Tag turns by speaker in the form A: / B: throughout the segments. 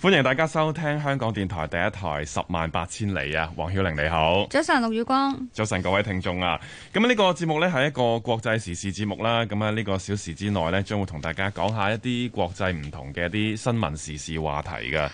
A: 歡迎大家收聽香港電台第一台《十萬八千里》啊，黃曉玲你好，
B: 早晨陸宇光，
A: 早晨各位聽眾啊，咁、這、呢個節目呢係一個國際時事節目啦。咁喺呢個小時之內呢，將會同大家講下一啲國際唔同嘅一啲新聞時事話題嘅。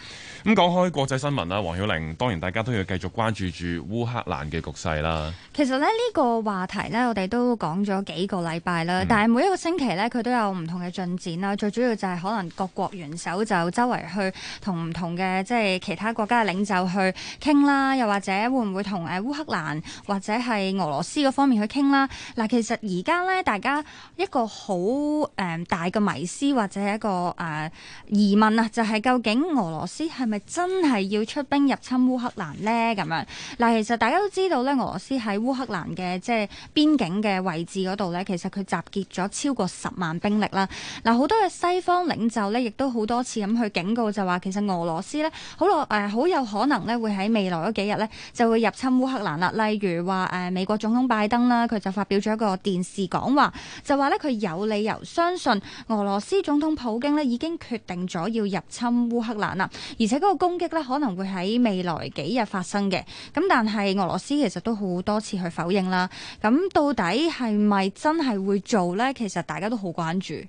A: 咁講開國際新聞啦，黃曉玲當然大家都要繼續關注住烏克蘭嘅局勢啦。
B: 其實咧呢個話題呢，我哋都講咗幾個禮拜啦，嗯、但係每一個星期呢，佢都有唔同嘅進展啦。最主要就係可能各國元首就周圍去同唔同嘅即係其他國家嘅領袖去傾啦，又或者會唔會同誒烏克蘭或者係俄羅斯嗰方面去傾啦？嗱，其實而家呢，大家一個好誒大嘅迷思或者係一個誒疑問啊，就係究竟俄羅斯係係真係要出兵入侵烏克蘭呢？咁樣嗱，其實大家都知道咧，俄羅斯喺烏克蘭嘅即係邊境嘅位置嗰度呢，其實佢集結咗超過十萬兵力啦。嗱，好多嘅西方領袖呢，亦都好多次咁去警告就話，其實俄羅斯呢，好誒，好有可能咧會喺未來嗰幾日呢就會入侵烏克蘭啦。例如話誒、呃，美國總統拜登啦，佢就發表咗一個電視講話，就話呢，佢有理由相信俄羅斯總統普京呢已經決定咗要入侵烏克蘭啦，而且。呢個攻擊咧可能會喺未來幾日發生嘅，咁但係俄羅斯其實都好多次去否認啦，咁到底係咪真係會做呢？其實大家都好關注。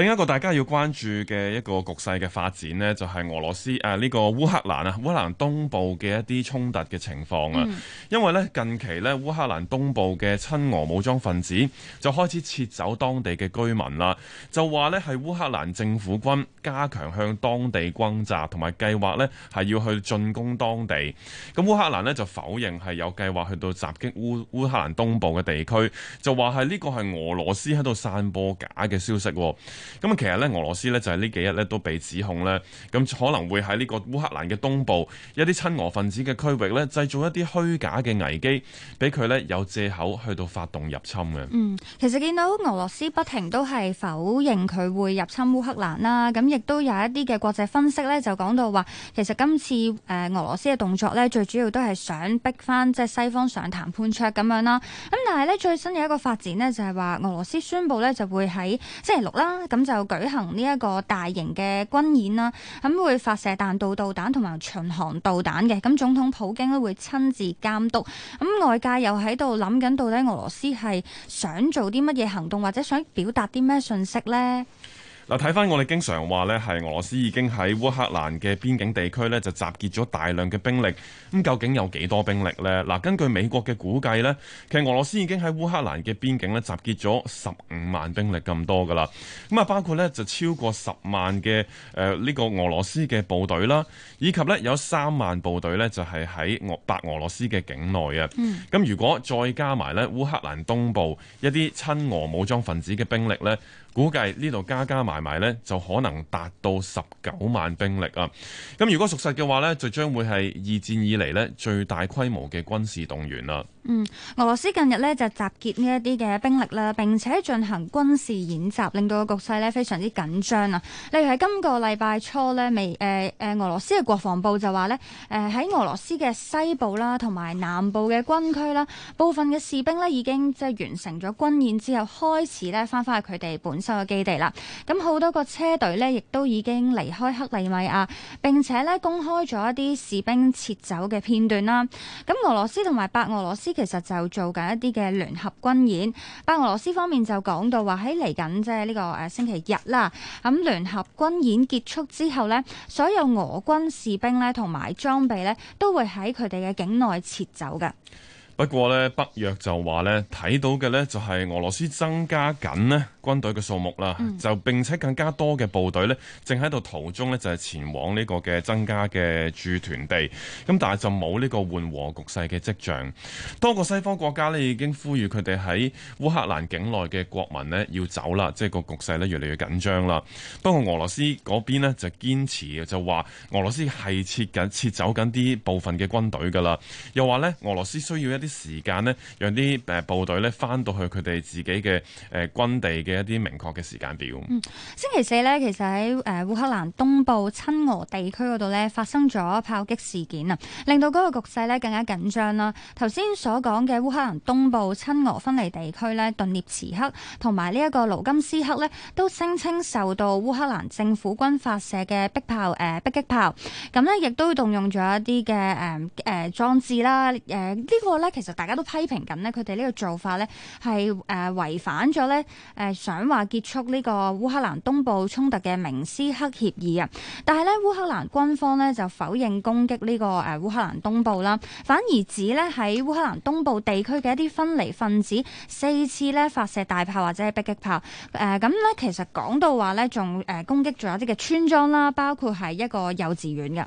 A: 另一個大家要關注嘅一個局勢嘅發展呢，就係、是、俄羅斯誒呢、呃呢個烏克蘭啊，烏克蘭東部嘅一啲衝突嘅情況啊。嗯、因為呢近期呢，烏克蘭東部嘅親俄武裝分子就開始撤走當地嘅居民啦，就話呢係烏克蘭政府軍加強向當地轟炸，同埋計劃呢係要去進攻當地。咁、嗯、烏克蘭呢就否認係有計劃去到襲擊烏烏克蘭東部嘅地區，就話係呢個係俄羅斯喺度散播假嘅消息喎。咁啊，其實咧，俄羅斯咧就係呢幾日咧都被指控咧，咁可能會喺呢個烏克蘭嘅東部一啲親俄分子嘅區域呢，製造一啲虛假嘅危機，俾佢呢有借口去到發動入侵嘅。嗯，
B: 其實見到俄羅斯不停都係否認佢會入侵烏克蘭啦，咁亦都有一啲嘅國際分析呢，就講到話其實今次誒俄羅斯嘅動作呢，最主要都係想逼翻即係西方上談判桌咁樣啦。咁但係呢，最新嘅一個發展呢，就係話俄羅斯宣布呢，就會喺星期六啦。咁就舉行呢一個大型嘅軍演啦，咁會發射彈道導彈同埋巡航導彈嘅。咁總統普京都會親自監督。咁外界又喺度諗緊，到底俄羅斯係想做啲乜嘢行動，或者想表達啲咩信息呢？
A: 嗱，睇翻我哋經常話咧，係俄羅斯已經喺烏克蘭嘅邊境地區咧，就集結咗大量嘅兵力。咁究竟有幾多兵力呢？嗱，根據美國嘅估計呢，其實俄羅斯已經喺烏克蘭嘅邊境咧集結咗十五萬兵力咁多噶啦。咁啊，包括咧就超過十萬嘅誒呢個俄羅斯嘅部隊啦，以及咧有三萬部隊呢就係喺俄白俄羅斯嘅境內嘅。咁、嗯、如果再加埋咧烏克蘭東部一啲親俄武裝分子嘅兵力呢。估計呢度加加埋埋呢，就可能達到十九萬兵力啊！咁如果屬實嘅話呢，就將會係二戰以嚟呢最大規模嘅軍事動員啦。
B: 嗯，俄羅斯近日呢，就集結呢一啲嘅兵力啦，並且進行軍事演習，令到個局勢呢非常之緊張啊！例如喺今個禮拜初呢，微誒誒俄羅斯嘅國防部就話呢，誒喺俄羅斯嘅西部啦同埋南部嘅軍區啦，部分嘅士兵呢已經即係完成咗軍演之後，開始呢翻返去佢哋本收基地啦，咁好多個車隊呢亦都已經離開克里米亞，並且咧公開咗一啲士兵撤走嘅片段啦。咁、啊、俄羅斯同埋白俄羅斯其實就做緊一啲嘅聯合軍演，白俄羅斯方面就講到話喺嚟緊即係呢個誒、啊、星期日啦。咁、啊、聯合軍演結束之後呢，所有俄軍士兵呢同埋裝備呢都會喺佢哋嘅境內撤走㗎。
A: 不過呢，北約就話呢，睇到嘅呢就係俄羅斯增加緊呢軍隊嘅數目啦，嗯、就並且更加多嘅部隊呢正喺度途中呢就係、是、前往呢個嘅增加嘅駐屯地，咁但係就冇呢個緩和局勢嘅跡象。多個西方國家呢已經呼籲佢哋喺烏克蘭境內嘅國民呢要走啦，即係個局勢呢越嚟越緊張啦。不過俄羅斯嗰邊呢就堅持就話俄羅斯係撤緊撤走緊啲部分嘅軍隊㗎啦，又話呢，俄羅斯需要一啲。時間呢，讓啲誒部隊呢返到去佢哋自己嘅誒、呃、軍地嘅一啲明確嘅時間表、
B: 嗯。星期四呢，其實喺誒烏克蘭東部親俄地區嗰度呢，發生咗炮擊事件啊，令到嗰個局勢呢更加緊張啦。頭先所講嘅烏克蘭東部親俄分離地區呢，頓涅茨克同埋呢一個盧甘斯克呢，都聲稱受到烏克蘭政府軍發射嘅迫炮誒、呃、迫擊炮，咁呢，亦都動用咗一啲嘅誒誒裝置啦。誒、呃這個、呢個咧。其實大家都批評緊呢佢哋，呢個做法呢係誒違反咗呢誒想話結束呢個烏克蘭東部衝突嘅明斯克協議啊。但係呢，烏克蘭軍方呢就否認攻擊呢個誒烏克蘭東部啦，反而指呢喺烏克蘭東部地區嘅一啲分離分子四次呢發射大炮或者係迫擊炮。誒咁咧其實講到話呢，仲誒攻擊咗一啲嘅村莊啦，包括係一個幼稚園嘅。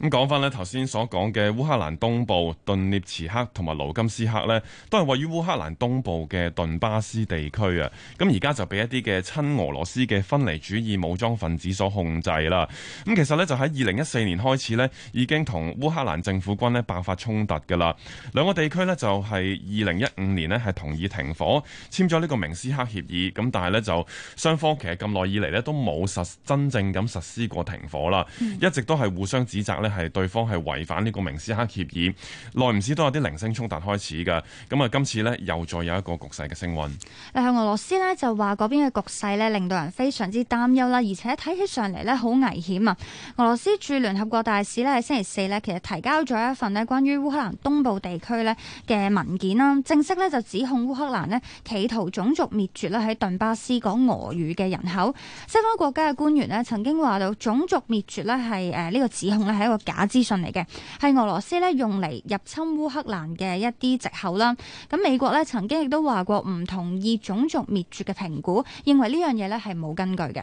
A: 咁講翻呢，頭先所講嘅烏克蘭東部頓涅茨克同埋盧甘斯克呢，都係位於烏克蘭東部嘅頓巴斯地區啊。咁而家就俾一啲嘅親俄羅斯嘅分離主義武裝分子所控制啦。咁其實呢，就喺二零一四年開始呢，已經同烏克蘭政府軍呢爆發衝突噶啦。兩個地區呢，就係二零一五年呢係同意停火，簽咗呢個明斯克協議。咁但係呢，就雙方其實咁耐以嚟呢，都冇實真正咁實施過停火啦，一直都係互相指責咧。係對方係違反呢個明斯克協議，耐唔時都有啲零星衝突開始嘅。咁啊，今次呢又再有一個局勢嘅升溫。
B: 你喺俄羅斯呢，就話嗰邊嘅局勢呢令到人非常之擔憂啦，而且睇起上嚟呢，好危險啊！俄羅斯駐聯合國大使呢，喺星期四呢其實提交咗一份呢關於烏克蘭東部地區呢嘅文件啦，正式呢就指控烏克蘭呢企圖種族滅絕呢喺頓巴斯講俄語嘅人口。西方國家嘅官員呢曾經話到種族滅絕呢係誒呢個指控呢，係一個假資訊嚟嘅，係俄羅斯呢用嚟入侵烏克蘭嘅一啲藉口啦。咁美國呢曾經亦都話過唔同意種族滅絕嘅評估，認為呢樣嘢呢係冇根據嘅。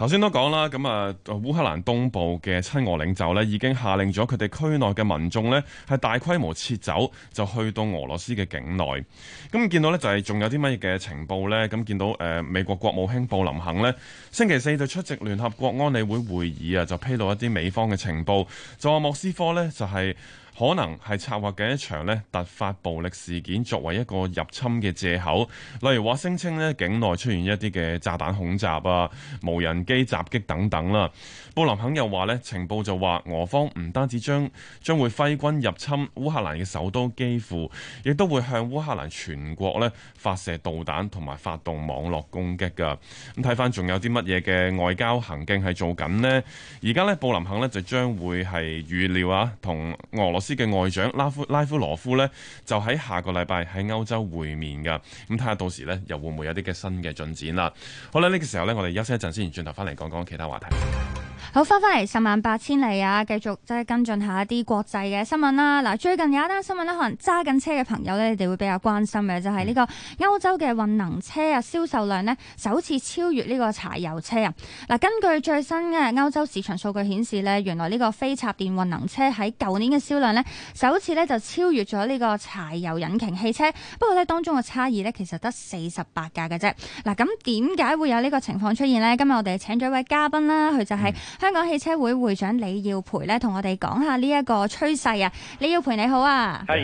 A: 頭先都講啦，咁啊，烏克蘭東部嘅親俄領袖呢已經下令咗佢哋區內嘅民眾呢係大規模撤走，就去到俄羅斯嘅境內。咁見到呢，就係仲有啲乜嘢嘅情報呢？咁見到呃，美國國務卿布林肯呢星期四就出席聯合國安理會會議啊，就披露一啲美方嘅情報，就話莫斯科呢，就係。可能係策劃嘅一場呢突發暴力事件，作為一個入侵嘅借口，例如話聲稱呢境內出現一啲嘅炸彈恐襲啊、無人機襲擊等等啦。布林肯又話呢，情報就話俄方唔單止將將會揮軍入侵烏克蘭嘅首都，幾乎亦都會向烏克蘭全國呢發射導彈同埋發動網絡攻擊㗎。咁睇翻仲有啲乜嘢嘅外交行徑係做緊呢？而家呢，布林肯呢就將會係預料啊，同俄羅斯。嘅外長拉夫拉夫羅夫呢，就喺下個禮拜喺歐洲會面噶，咁睇下到時呢，又會唔會有啲嘅新嘅進展啦。好啦，呢個時候呢，我哋休息一陣先，轉頭翻嚟講講其他話題。
B: 好，返返嚟十萬八千里啊！繼續即係跟進下一啲國際嘅新聞啦。嗱，最近有一單新聞呢，可能揸緊車嘅朋友呢，你哋會比較關心嘅就係、是、呢個歐洲嘅混能車啊銷售量呢，首次超越呢個柴油車啊。嗱，根據最新嘅歐洲市場數據顯示呢，原來呢個非插電混能車喺舊年嘅銷量呢，首次呢就超越咗呢個柴油引擎汽車。不過呢，當中嘅差異呢，其實得四十八架嘅啫。嗱，咁點解會有呢個情況出現呢？今日我哋請咗一位嘉賓啦，佢就係、嗯。香港汽車會會長李耀培咧，同我哋講下呢一個趨勢啊。李耀培你好啊，好，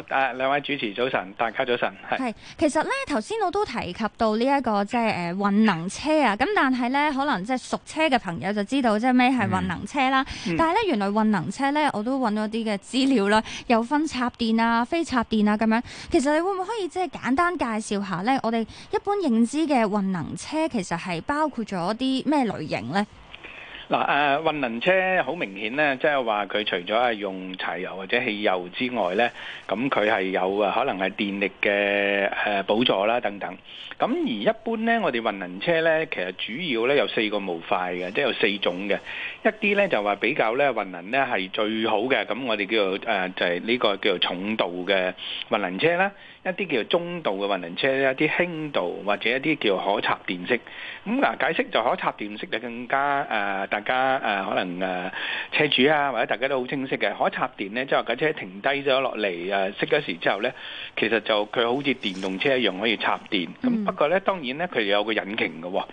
C: 誒，兩位主持早晨，大家早晨係。
B: 其實咧，頭先我都提及到呢、這、一個即係誒混能車啊。咁但係咧，可能即係熟車嘅朋友就知道即係咩係混能車啦。嗯、但係咧，原來混能車咧，我都揾咗啲嘅資料啦，有分插電啊、非插電啊咁樣。其實你會唔會可以即係、呃、簡單介紹下咧？我哋一般認知嘅混能車其實係包括咗啲咩類型咧？
C: 嗱誒，混能車好明顯咧，即係話佢除咗係用柴油或者汽油之外咧，咁佢係有啊，可能係電力嘅誒補助啦等等。咁而一般咧，我哋混能車咧，其實主要咧有四個模塊嘅，即係有四種嘅。一啲咧就話比較咧混能咧係最好嘅，咁我哋叫做誒就係呢個叫做重度嘅混能車啦。一啲叫做中度嘅混能車，一啲輕度或者一啲叫可插電式。咁嗱，解釋就可插電式就更加誒。大家誒、呃、可能誒、呃、車主啊，或者大家都好清晰嘅，可插電呢，即係架車停低咗落嚟誒熄咗匙之後呢，其實就佢好似電動車一樣可以插電。咁、嗯、不過呢，當然呢，佢有個引擎嘅、哦。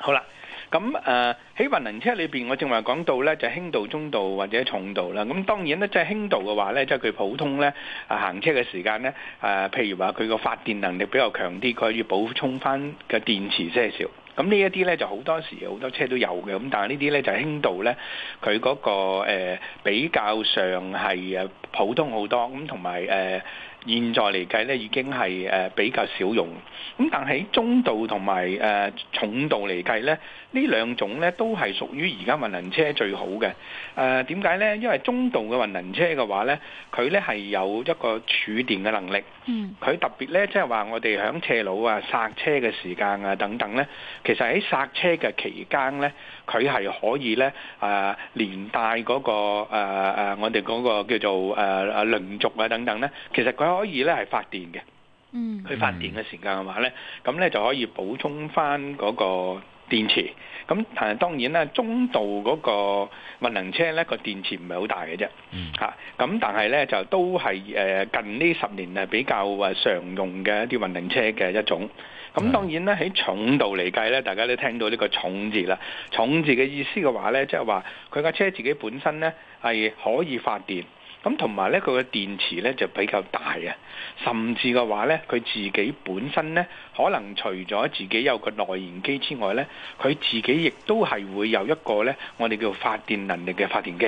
C: 好啦，咁誒喺混能車裏邊，我正話講到呢，就是、輕度、中度或者重度啦。咁當然呢，即係輕度嘅話呢，即係佢普通咧、啊、行車嘅時間呢，誒、啊，譬如話佢個發電能力比較強啲，佢可以補充翻嘅電池些少。咁呢一啲咧就好多時好多車都有嘅，咁但係呢啲咧就輕度咧，佢嗰個誒比較上係誒普通好多，咁同埋誒現在嚟計咧已經係誒比較少用，咁但係中度同埋誒重度嚟計咧。呢兩種咧都係屬於而家混能車最好嘅。誒點解咧？因為中度嘅混能車嘅話咧，佢咧係有一個儲電嘅能力。嗯。佢特別咧，即係話我哋響斜路啊、剎車嘅時間啊等等咧，其實喺剎車嘅期間咧，佢係可以咧誒、呃、連帶嗰、那個誒、呃啊、我哋嗰個叫做誒誒輪軸啊等等咧，其實佢可以咧係發電嘅。嗯。佢、嗯、發電嘅時間嘅話咧，咁咧就可以補充返嗰、那個。電池，咁誒當然咧，中度嗰個混能車咧，個電池唔係好大嘅啫，嚇，咁但係咧就都係誒近呢十年誒比較誒常用嘅一啲混能車嘅、嗯、一種。咁當然咧，喺是重度嚟計咧，大家都聽到呢、這個重字啦。重字嘅意思嘅話咧，即係話佢架車自己本身咧係可以發電。咁同埋咧，佢嘅電池咧就比較大啊，甚至嘅話咧，佢自己本身咧，可能除咗自己有個內燃機之外咧，佢自己亦都係會有一個咧，我哋叫發電能力嘅發電機。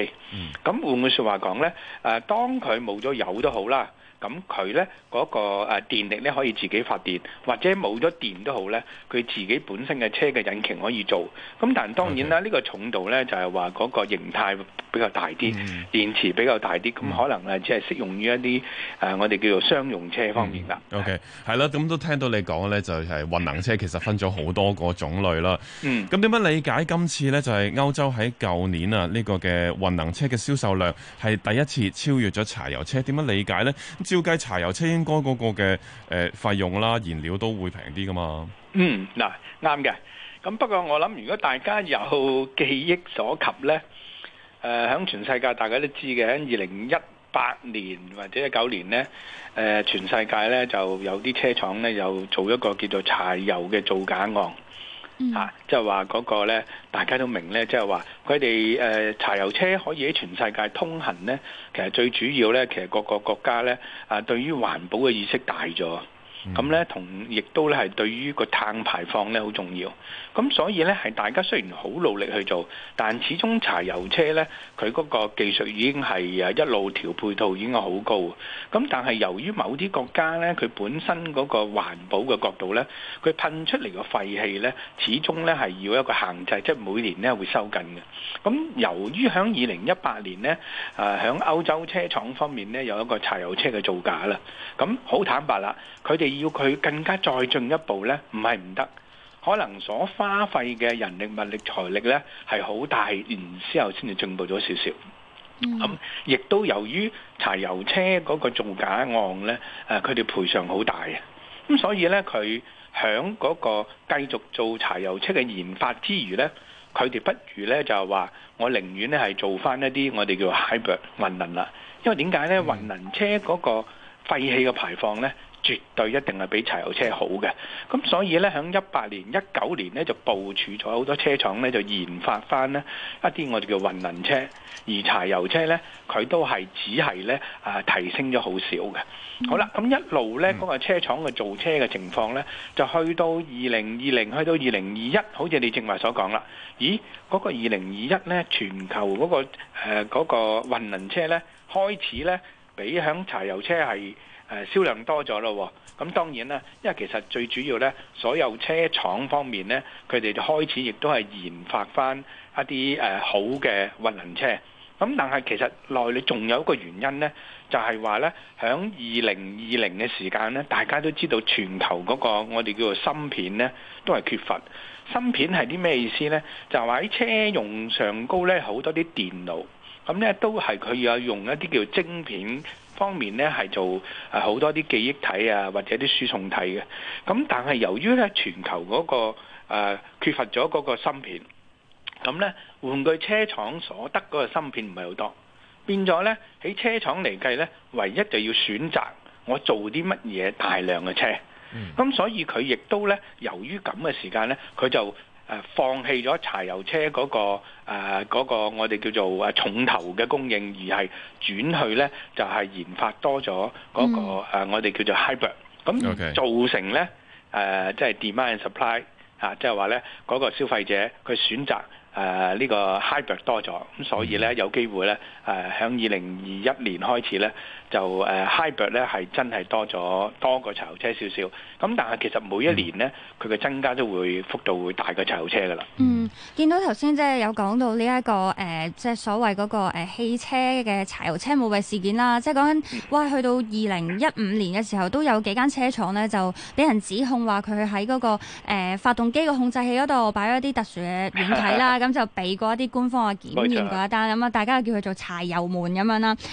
C: 咁，嗯，換句說話講咧，誒，呃，當佢冇咗油都好啦。咁佢呢嗰個誒電力呢，可以自己發電，或者冇咗電都好呢。佢自己本身嘅車嘅引擎可以做。咁但係當然啦，呢個重度呢，就係話嗰個形態比較大啲，Okay. 電池比較大啲，咁、mm. 可能呢，只係適用於一啲誒我哋叫做商用車方面㗎。
A: OK. 係啦，咁都聽到你講呢，就係、是、混能車其實分咗好多個種類啦。嗯，咁點樣理解今次呢，就係、是、歐洲喺舊年啊呢、這個嘅混能車嘅銷售量係第一次超越咗柴油車，點樣理解呢？燒雞柴油車應該嗰個嘅誒費用啦燃料都會平啲㗎嘛。嗯，嗱，
C: 啱嘅。咁不過我諗如果大家有記憶所及呢，誒、呃、響全世界大家都知嘅，喺二零一八年或者一九年呢，誒、呃、全世界呢就有啲車廠呢，有做一個叫做柴油嘅造假案。嚇，即係話嗰個咧，大家都明咧，即係話佢哋誒柴油車可以喺全世界通行咧，其實最主要咧，其實各個國家咧啊，對於環保嘅意識大咗。咁咧，同、嗯、亦都咧係對於個碳排放咧好重要。咁所以咧，係大家雖然好努力去做，但始終柴油車咧，佢嗰個技術已經係誒一路調配套已經好高。咁但係由於某啲國家咧，佢本身嗰個環保嘅角度咧，佢噴出嚟嘅廢氣咧，始終咧係要一個限制，即係每年咧會收緊嘅。咁由於響二零一八年咧，誒響歐洲車廠方面咧有一個柴油車嘅造假啦。咁好坦白啦，佢哋。要佢更加再進一步呢，唔係唔得，可能所花費嘅人力、物力、財力呢係好大，然之後先至進步咗少少。咁、嗯、亦都由於柴油車嗰個造假案呢，誒佢哋賠償好大，咁所以呢，佢響嗰個繼續做柴油車嘅研發之餘呢，佢哋不如呢就係話，我寧願呢係做翻一啲我哋叫 hybrid 混能啦，因為點解呢？混能車嗰個廢氣嘅排放呢，絕對一定係比柴油車好嘅，咁所以呢，喺一八年、一九年呢，就部署咗好多車廠呢就研發翻呢一啲我哋叫混能車，而柴油車呢，佢都係只係呢啊提升咗好少嘅。好啦，咁一路呢嗰個車廠嘅造車嘅情況呢，就去到二零二零去到二零二一，好似你正話所講啦。咦，嗰個二零二一呢，全球嗰個誒嗰個混能車呢，開始呢，比響柴油車係。誒銷量多咗咯，咁、嗯、當然啦，因為其實最主要咧，所有車廠方面咧，佢哋開始亦都係研發翻一啲誒、呃、好嘅混能車。咁、嗯、但係其實內裏仲有一個原因咧，就係話咧，響二零二零嘅時間咧，大家都知道全球嗰個我哋叫做芯片咧都係缺乏。芯片係啲咩意思咧？就係、話、喺車用上高咧，好多啲電腦咁咧、嗯、都係佢有用一啲叫做晶片。方面咧，係做誒好、呃、多啲記憶體啊，或者啲輸送體嘅。咁但係由於咧全球嗰、那個、呃、缺乏咗嗰個芯片，咁咧玩具車廠所得嗰個芯片唔係好多，變咗咧喺車廠嚟計咧，唯一就要選擇我做啲乜嘢大量嘅車。咁、嗯、所以佢亦都咧，由於咁嘅時間咧，佢就。誒放棄咗柴油車嗰、那個誒、呃那個、我哋叫做誒重頭嘅供應，而係轉去咧就係、是、研發多咗嗰、那個、嗯呃、我哋叫做 hybrid，咁造成咧誒即係 demand supply 嚇、啊，即係話咧嗰個消費者佢選擇。誒呢、啊這個 hybrid 多咗，咁所以咧有機會咧誒，喺二零二一年開始咧就誒、啊、hybrid 咧係真係多咗多過柴油車少少，咁、啊、但係其實每一年咧佢嘅增加都會幅度會大過柴油車噶啦。嗯，
B: 見到頭先即係有講到呢、這、一個誒，即、呃、係所謂嗰、那個、呃、汽車嘅柴油車冇沸事件啦，即係講緊哇，去到二零一五年嘅時候都有幾間車廠咧就俾人指控話佢喺嗰個誒、呃、發動機個控制器嗰度擺咗一啲特殊嘅軟體啦。 咁就俾過一啲官方嘅檢驗嗰錯一單，咁啊大家叫佢做柴油門咁樣啦。咁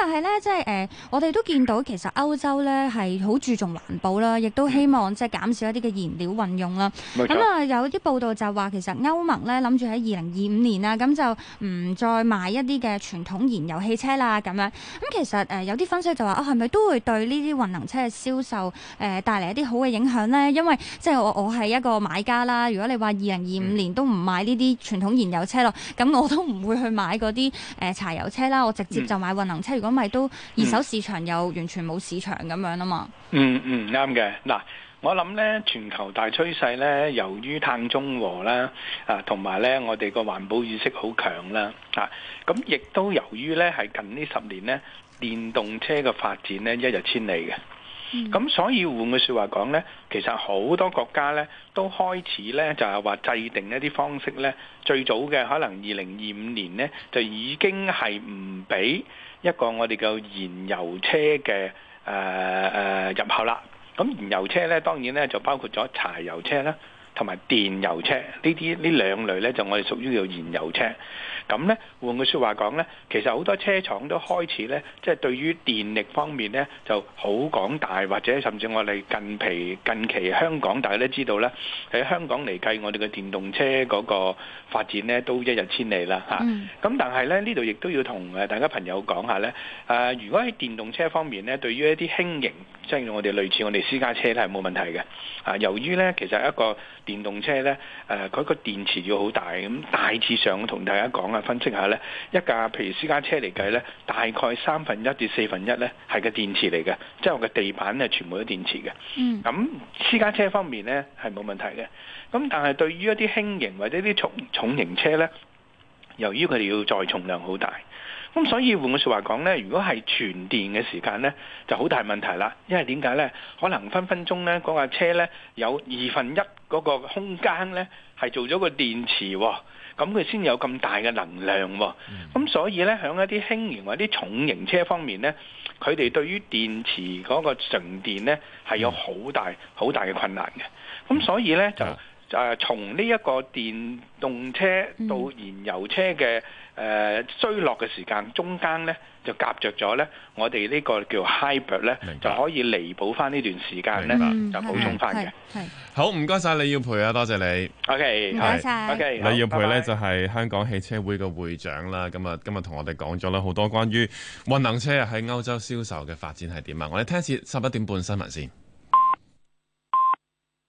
B: 但係咧，即係誒，我哋都見到其實歐洲咧係好注重環保啦，亦都希望即係減少一啲嘅燃料運用啦。咁啊錯、嗯呃、有啲報道就話其實歐盟咧諗住喺二零二五年啦，咁就唔再賣一啲嘅傳統燃油汽車啦，咁樣。咁、嗯、其實誒、呃、有啲分析就話啊，係、哦、咪都會對呢啲混能車嘅銷售誒、呃、帶嚟一啲好嘅影響咧？因為即係、就是、我我係一個買家啦。如果你話二零二五年都唔買呢啲，傳統燃油車咯，咁我都唔會去買嗰啲誒柴油車啦，我直接就買混能車。如果唔係，都二手市場又完全冇市場咁樣啊嘛。嗯
C: 嗯，啱、嗯、嘅。嗱，我諗咧，全球大趨勢咧，由於碳中和啦，啊，同埋咧，我哋個環保意識好強啦，啊，咁、啊、亦都由於咧係近呢十年咧，電動車嘅發展咧一日千里嘅。咁、嗯、所以換句説話講呢，其實好多國家呢，都開始呢就係話制定一啲方式呢，最早嘅可能二零二五年呢，就已經係唔俾一個我哋嘅燃油車嘅誒誒入口啦。咁燃油車呢當然呢就包括咗柴油車啦，同埋電油車呢啲呢兩類呢，就我哋屬於叫燃油車。咁呢，換句説話講呢，其實好多車廠都開始呢，即係對於電力方面呢就好廣大，或者甚至我哋近期近期香港大家都知道呢，喺香港嚟計，我哋嘅電動車嗰個發展呢都一日千里啦嚇。咁、嗯啊、但係呢，呢度亦都要同誒大家朋友講下呢。誒、啊、如果喺電動車方面呢，對於一啲輕型，即係我哋類似我哋私家車呢，係冇問題嘅。啊，由於呢，其實一個。電動車呢，誒佢個電池要好大咁，大致上同大家講啊，分析下呢一架譬如私家車嚟計呢，大概三分一至四分一呢係個電池嚟嘅，即係我個地板呢全部都電池嘅。嗯，咁私家車方面呢係冇問題嘅，咁但係對於一啲輕型或者啲重重型車呢，由於佢哋要載重量好大。咁所以換句説話講咧，如果係全電嘅時間咧，就好大問題啦。因為點解咧？可能分分鐘咧，嗰、那、架、個、車咧有二分一嗰個空間咧，係做咗個電池、哦，咁佢先有咁大嘅能量、哦。咁、嗯、所以咧，喺一啲輕型或啲重型車方面咧，佢哋對於電池嗰個存電咧係有好大好大嘅困難嘅。咁、嗯、所以咧、嗯、就誒，就從呢一個電動車到燃油車嘅。誒衰、呃、落嘅時間，中間咧就夾着咗咧，我哋呢個叫 Hybrid 咧，白就可以
A: 彌補翻呢段時間咧，白就補充、嗯、補充翻嘅。係好唔該晒，李耀培啊，多謝你。OK，唔該曬。謝謝 OK，李耀培咧就係香港汽車會嘅會長啦。咁啊，今日同我哋講咗啦好多關於混能車喺歐洲銷售嘅發展係點啊。我哋聽一次十一點半新聞先。